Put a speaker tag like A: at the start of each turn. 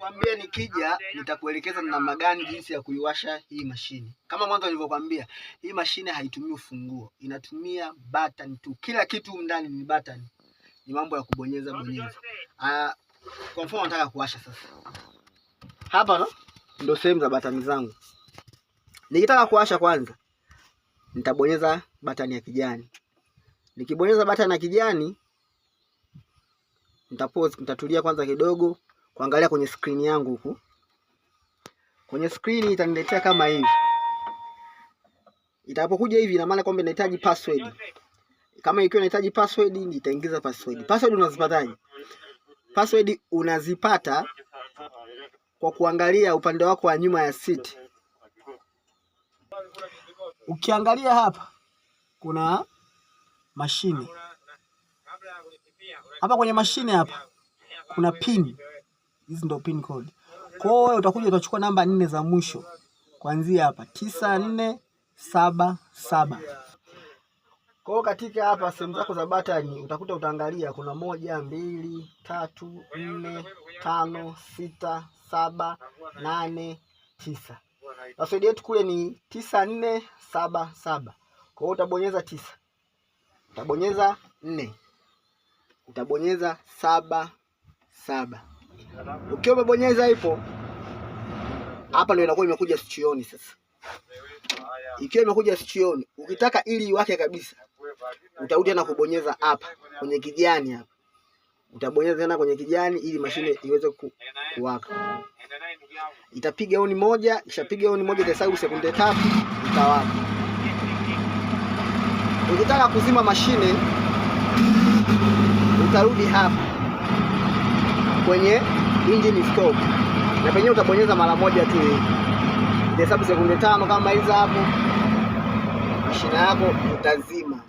A: Kwambia nikija nitakuelekeza namna gani jinsi ya kuiwasha hii mashine. Kama mwanzo nilivyokuambia, hii mashine haitumii ufunguo, inatumia button tu. Kila kitu ndani ni button. Ni mambo ya kubonyeza bonyeza. Ah, kwa mfano nataka kuwasha sasa. Hapa no? Ndio sehemu za button zangu. Nikitaka kuwasha kwanza nitabonyeza button ya kijani. Nikibonyeza batani ya kijani nitapause, nitatulia kwanza kidogo kuangalia kwenye skrini yangu huku. Kwenye skrini itaniletea kama hivi. Itapokuja hivi, ina maana kwamba inahitaji password. Kama ikiwa inahitaji password, nitaingiza password. Password unazipataje? Password unazipata kwa kuangalia upande wako wa nyuma ya siti. Ukiangalia hapa kuna mashine hapa, kwenye mashine hapa kuna pini. Hizi ndo pin code. Kwa hiyo utakuja utachukua namba nne za mwisho kuanzia hapa tisa nne saba saba. Kwa hiyo katika hapa sehemu zako za batani utakuta utaangalia kuna moja, mbili, tatu, nne, tano, sita, saba, nane, tisa. Password yetu kule ni tisa nne saba saba. Kwa hiyo utabonyeza tisa, utabonyeza nne, utabonyeza saba saba. Ukiwa umebonyeza hapo hapa, ndio inakuwa imekuja sichioni. Sasa ikiwa imekuja sichioni, ukitaka ili iwake kabisa, utarudi na kubonyeza hapa kwenye kijani. Hapa utabonyeza tena kwenye kijani ili mashine iweze ku, kuwaka. Itapiga oni moja, ishapiga oni moja itahesabu sekunde tatu, itawaka. Ukitaka kuzima mashine utarudi hapa kwenye engine stop, na penyewe utabonyeza mara moja tu hivi, hesabu sekunde tano kama hizo hapo, mashina yako utazima.